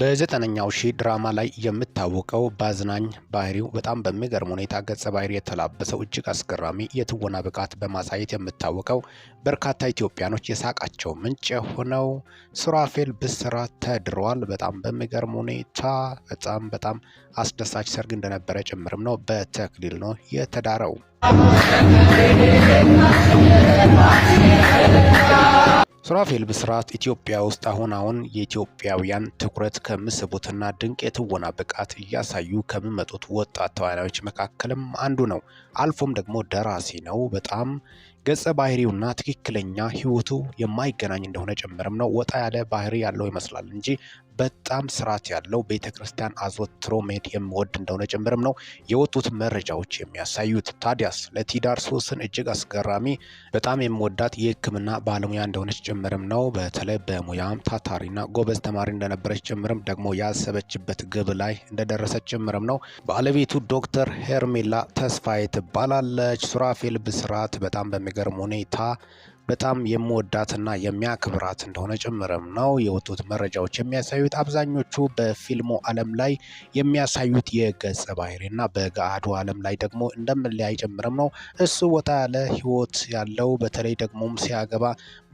በዘጠነኛው ሺህ ድራማ ላይ የምታወቀው በአዝናኝ ባህሪው በጣም በሚገርም ሁኔታ ገጸ ባህሪ የተላበሰው እጅግ አስገራሚ የትወና ብቃት በማሳየት የምታወቀው በርካታ ኢትዮጵያኖች የሳቃቸው ምንጭ የሆነው ሱራፌል ብስራት ተድሯል። በጣም በሚገርም ሁኔታ በጣም በጣም አስደሳች ሰርግ እንደነበረ ጭምርም ነው። በተክሊል ነው የተዳረው። ሱራፌል ብስራት ኢትዮጵያ ውስጥ አሁን አሁን የኢትዮጵያውያን ትኩረት ከሚስቡትና ድንቅ የትወና ብቃት እያሳዩ ከሚመጡት ወጣት ተዋናዮች መካከልም አንዱ ነው። አልፎም ደግሞ ደራሲ ነው። በጣም ገጸ ባህሪውና ትክክለኛ ህይወቱ የማይገናኝ እንደሆነ ጭምርም ነው። ወጣ ያለ ባህሪ ያለው ይመስላል እንጂ በጣም ስርዓት ያለው ቤተ ክርስቲያን አዘወትሮ መሄድ የሚወድ እንደሆነ ጭምርም ነው የወጡት መረጃዎች የሚያሳዩት። ታዲያስ ለቲዳር ሶስን እጅግ አስገራሚ በጣም የሚወዳት የህክምና ባለሙያ እንደሆነች ጭምርም ነው። በተለይ በሙያም ታታሪና ጎበዝ ተማሪ እንደነበረች ጭምርም ደግሞ ያሰበችበት ግብ ላይ እንደደረሰች ጭምርም ነው። ባለቤቱ ዶክተር ሄርሜላ ተስፋዬ ትባላለች። ሱራፌል ብስራት በጣም በሚ በሚገርም ሁኔታ በጣም የምወዳትና የሚያክብራት እንደሆነ ጭምርም ነው የወጡት መረጃዎች የሚያሳዩት። አብዛኞቹ በፊልሙ ዓለም ላይ የሚያሳዩት የገጸ እና በገሃዱ ዓለም ላይ ደግሞ እንደምንለያይ ጭምርም ነው። እሱ ወጣ ያለ ህይወት ያለው በተለይ ደግሞም ሲያገባ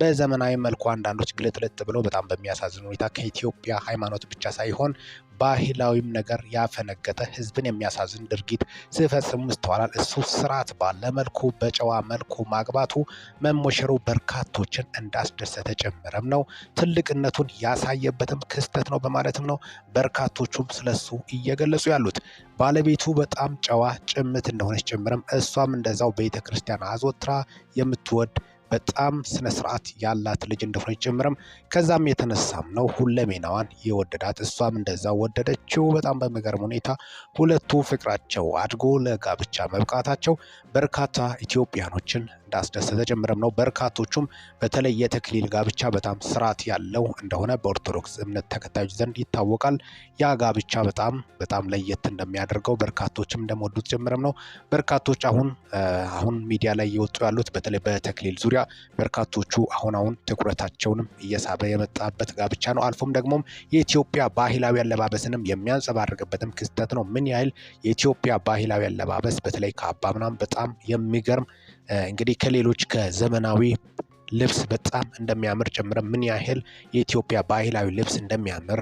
በዘመናዊ መልኩ አንዳንዶች ግልጥልጥ ብለው በጣም በሚያሳዝን ሁኔታ ከኢትዮጵያ ሃይማኖት ብቻ ሳይሆን ባህላዊም ነገር ያፈነገጠ ህዝብን የሚያሳዝን ድርጊት ሲፈጽሙ ይስተዋላል። እሱ ስርዓት ባለ መልኩ በጨዋ መልኩ ማግባቱ መሞሸሩ በርካቶችን እንዳስደሰተ ጨምረም ነው ትልቅነቱን ያሳየበትም ክስተት ነው በማለትም ነው በርካቶቹም ስለሱ እየገለጹ ያሉት። ባለቤቱ በጣም ጨዋ ጭምት እንደሆነች ጨምረም እሷም እንደዛው ቤተ ክርስቲያን አዘወትራ የምትወድ በጣም ስነ ስርዓት ያላት ልጅ እንደሆነች ጭምርም ከዛም የተነሳም ነው ሁለሜናዋን የወደዳት እሷም እንደዛ ወደደችው። በጣም በሚገርም ሁኔታ ሁለቱ ፍቅራቸው አድጎ ለጋብቻ መብቃታቸው በርካታ ኢትዮጵያኖችን እንዳስደሰተ ጭምርም ነው። በርካቶቹም በተለይ የተክሊል ጋብቻ በጣም ስርዓት ያለው እንደሆነ በኦርቶዶክስ እምነት ተከታዮች ዘንድ ይታወቃል። ያ ጋብቻ በጣም በጣም ለየት እንደሚያደርገው በርካቶችም እንደሚወዱት ጭምርም ነው። በርካቶች አሁን አሁን ሚዲያ ላይ እየወጡ ያሉት በተለይ በተክሊል ዙሪያ ዙሪያ በርካቶቹ አሁን አሁን ትኩረታቸውንም እየሳበ የመጣበት ጋብቻ ነው። አልፎም ደግሞም የኢትዮጵያ ባህላዊ አለባበስንም የሚያንጸባርቅበትም ክስተት ነው። ምን ያህል የኢትዮጵያ ባህላዊ አለባበስ በተለይ ከአባ ምናምን በጣም የሚገርም እንግዲህ ከሌሎች ከዘመናዊ ልብስ በጣም እንደሚያምር ጨምረ ምን ያህል የኢትዮጵያ ባህላዊ ልብስ እንደሚያምር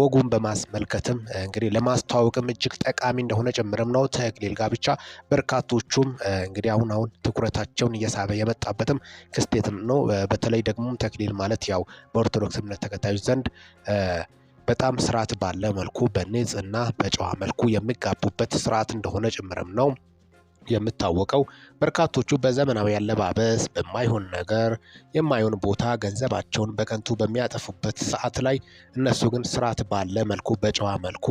ወጉን በማስመልከትም እንግዲህ ለማስተዋወቅም እጅግ ጠቃሚ እንደሆነ ጭምርም ነው ተክሊል ጋብቻ። በርካቶቹም እንግዲህ አሁን አሁን ትኩረታቸውን እየሳበ የመጣበትም ክስቴትም ነው። በተለይ ደግሞ ተክሊል ማለት ያው በኦርቶዶክስ እምነት ተከታዮች ዘንድ በጣም ስርዓት ባለ መልኩ በንጽህና በጨዋ መልኩ የሚጋቡበት ስርዓት እንደሆነ ጭምርም ነው። የምታወቀው በርካቶቹ በዘመናዊ አለባበስ በማይሆን ነገር የማይሆን ቦታ ገንዘባቸውን በከንቱ በሚያጠፉበት ሰዓት ላይ እነሱ ግን ስርዓት ባለ መልኩ በጨዋ መልኩ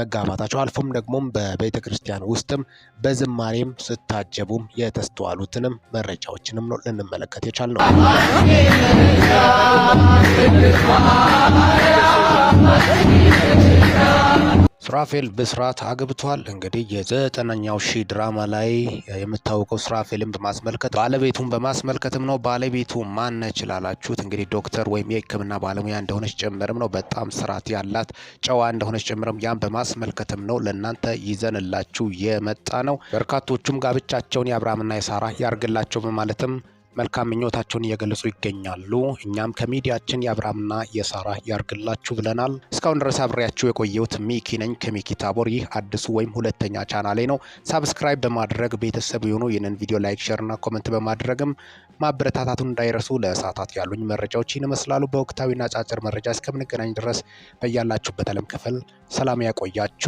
መጋባታቸው አልፎም ደግሞም በቤተ ክርስቲያን ውስጥም በዝማሬም ስታጀቡም የተስተዋሉትንም መረጃዎችንም ነው ልንመለከት ነው። ሱራፌል ብስራት አግብቷል። እንግዲህ የዘጠነኛው ሺ ድራማ ላይ የምታወቀው ሱራፌልን በማስመልከት ባለቤቱን በማስመልከትም ነው። ባለቤቱ ማነች ላላችሁት እንግዲህ ዶክተር ወይም የሕክምና ባለሙያ እንደሆነች ጭምርም ነው። በጣም ስርዓት ያላት ጨዋ እንደሆነች ጭምርም ያን በማስመልከትም ነው ለእናንተ ይዘንላችሁ የመጣ ነው። በርካቶቹም ጋብቻቸውን የአብርሃምና የሳራ ያርግላቸው በማለትም መልካም ምኞታቸውን እየገለጹ ይገኛሉ። እኛም ከሚዲያችን የአብርሃምና የሳራ ያርግላችሁ ብለናል። እስካሁን ድረስ አብሬያችሁ የቆየሁት ሚኪ ነኝ ከሚኪ ታቦር። ይህ አዲሱ ወይም ሁለተኛ ቻናሌ ነው። ሳብስክራይብ በማድረግ ቤተሰብ የሆኑ ይህንን ቪዲዮ ላይክ፣ ሼርና ኮመንት በማድረግም ማበረታታቱን እንዳይረሱ። ለሰዓታት ያሉኝ መረጃዎችን ይመስላሉ። በወቅታዊና አጫጭር መረጃ እስከምንገናኝ ድረስ በያላችሁበት ዓለም ክፍል ሰላም ያቆያችሁ።